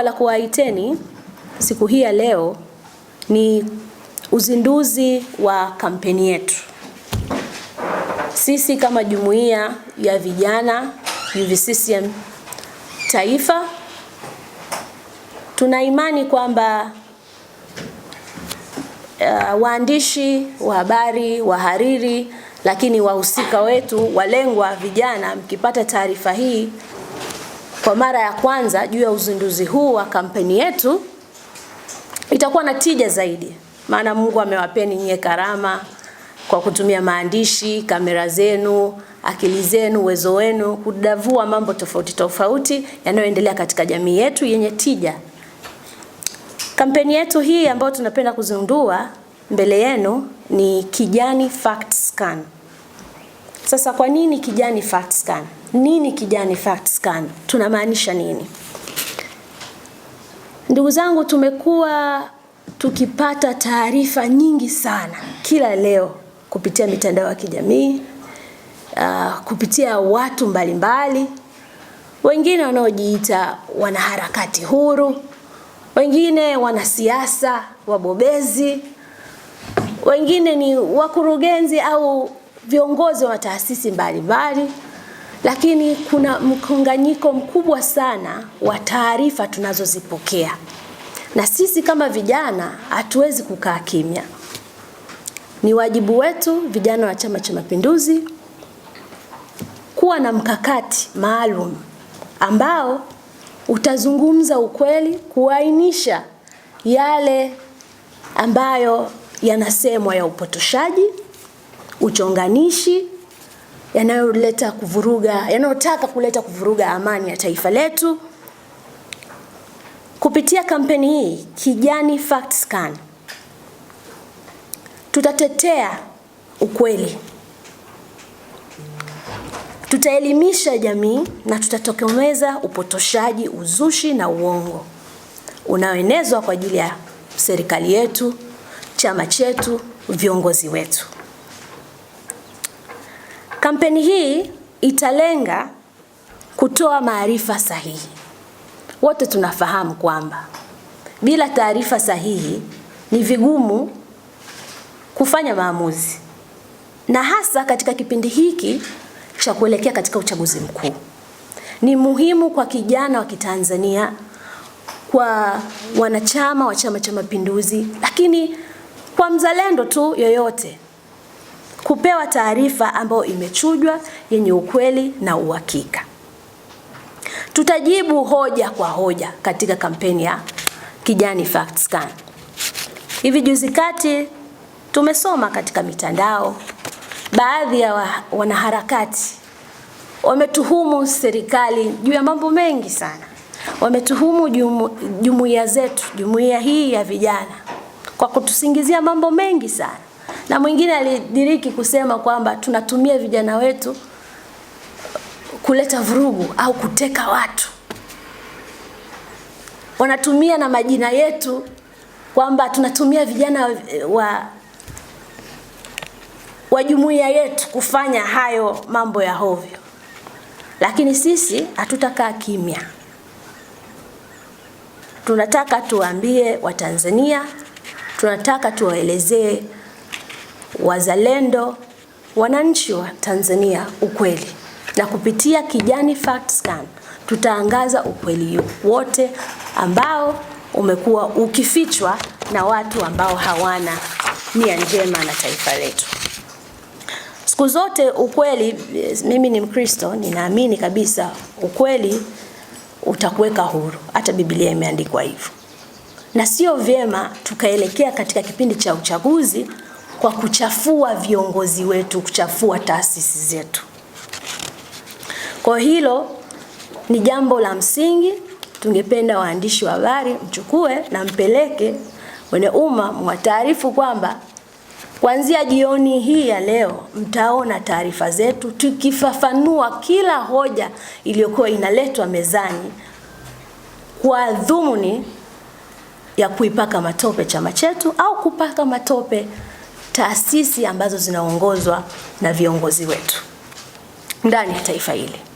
kubwa la kuwaiteni siku hii ya leo ni uzinduzi wa kampeni yetu. Sisi kama jumuiya ya vijana UVCCM taifa tuna imani kwamba uh, waandishi wa habari, wahariri, lakini wahusika wetu walengwa vijana, mkipata taarifa hii kwa mara ya kwanza juu ya uzinduzi huu wa kampeni yetu, itakuwa na tija zaidi, maana Mungu amewapeni nyie karama kwa kutumia maandishi, kamera zenu, akili zenu, uwezo wenu kudavua mambo tofauti tofauti yanayoendelea katika jamii yetu yenye tija. Kampeni yetu hii ambayo tunapenda kuzindua mbele yenu ni Kijani Fact Scan. Sasa kwa nini Kijani Fact Scan? Nini kijani fact scan? Tunamaanisha nini? Ndugu zangu, tumekuwa tukipata taarifa nyingi sana kila leo kupitia mitandao ya kijamii uh, kupitia watu mbalimbali mbali, wengine wanaojiita wanaharakati huru, wengine wanasiasa wabobezi, wengine ni wakurugenzi au viongozi wa taasisi mbalimbali mbali lakini kuna mkonganyiko mkubwa sana wa taarifa tunazozipokea, na sisi kama vijana hatuwezi kukaa kimya. Ni wajibu wetu vijana wa Chama cha Mapinduzi kuwa na mkakati maalum ambao utazungumza ukweli, kuainisha yale ambayo yanasemwa ya upotoshaji, uchonganishi yanayoleta kuvuruga, yanayotaka kuleta kuvuruga amani ya taifa letu. Kupitia kampeni hii Kijani Fact Scan tutatetea ukweli, tutaelimisha jamii na tutatokomeza upotoshaji, uzushi na uongo unaoenezwa kwa ajili ya serikali yetu, chama chetu, viongozi wetu. Kampeni hii italenga kutoa maarifa sahihi. Wote tunafahamu kwamba bila taarifa sahihi ni vigumu kufanya maamuzi, na hasa katika kipindi hiki cha kuelekea katika uchaguzi mkuu. Ni muhimu kwa kijana wa Kitanzania, kwa wanachama wa Chama cha Mapinduzi, lakini kwa mzalendo tu yoyote kupewa taarifa ambayo imechujwa yenye ukweli na uhakika. Tutajibu hoja kwa hoja katika kampeni ya Kijani Fact Scan. Hivi juzi kati tumesoma katika mitandao, baadhi ya wa, wanaharakati wametuhumu serikali juu ya mambo mengi sana. Wametuhumu jumu, jumuiya zetu, jumuiya hii ya vijana kwa kutusingizia mambo mengi sana na mwingine alidiriki kusema kwamba tunatumia vijana wetu kuleta vurugu au kuteka watu, wanatumia na majina yetu kwamba tunatumia vijana wa wa jumuiya yetu kufanya hayo mambo ya hovyo, lakini sisi hatutakaa kimya. Tunataka tuwaambie Watanzania, tunataka tuwaelezee wazalendo, wananchi wa Tanzania ukweli, na kupitia Kijani Fact Scan tutaangaza ukweli wote ambao umekuwa ukifichwa na watu ambao hawana nia njema na taifa letu. Siku zote ukweli, mimi ni Mkristo, ninaamini kabisa ukweli utakuweka huru. Hata Biblia imeandikwa hivyo, na sio vyema tukaelekea katika kipindi cha uchaguzi kwa kuchafua viongozi wetu, kuchafua taasisi zetu. Kwa hilo ni jambo la msingi, tungependa waandishi wa habari mchukue na mpeleke kwenye umma, mwataarifu kwamba kuanzia jioni hii ya leo mtaona taarifa zetu tukifafanua kila hoja iliyokuwa inaletwa mezani kwa dhumuni ya kuipaka matope chama chetu au kupaka matope taasisi ambazo zinaongozwa na viongozi wetu ndani ya taifa hili.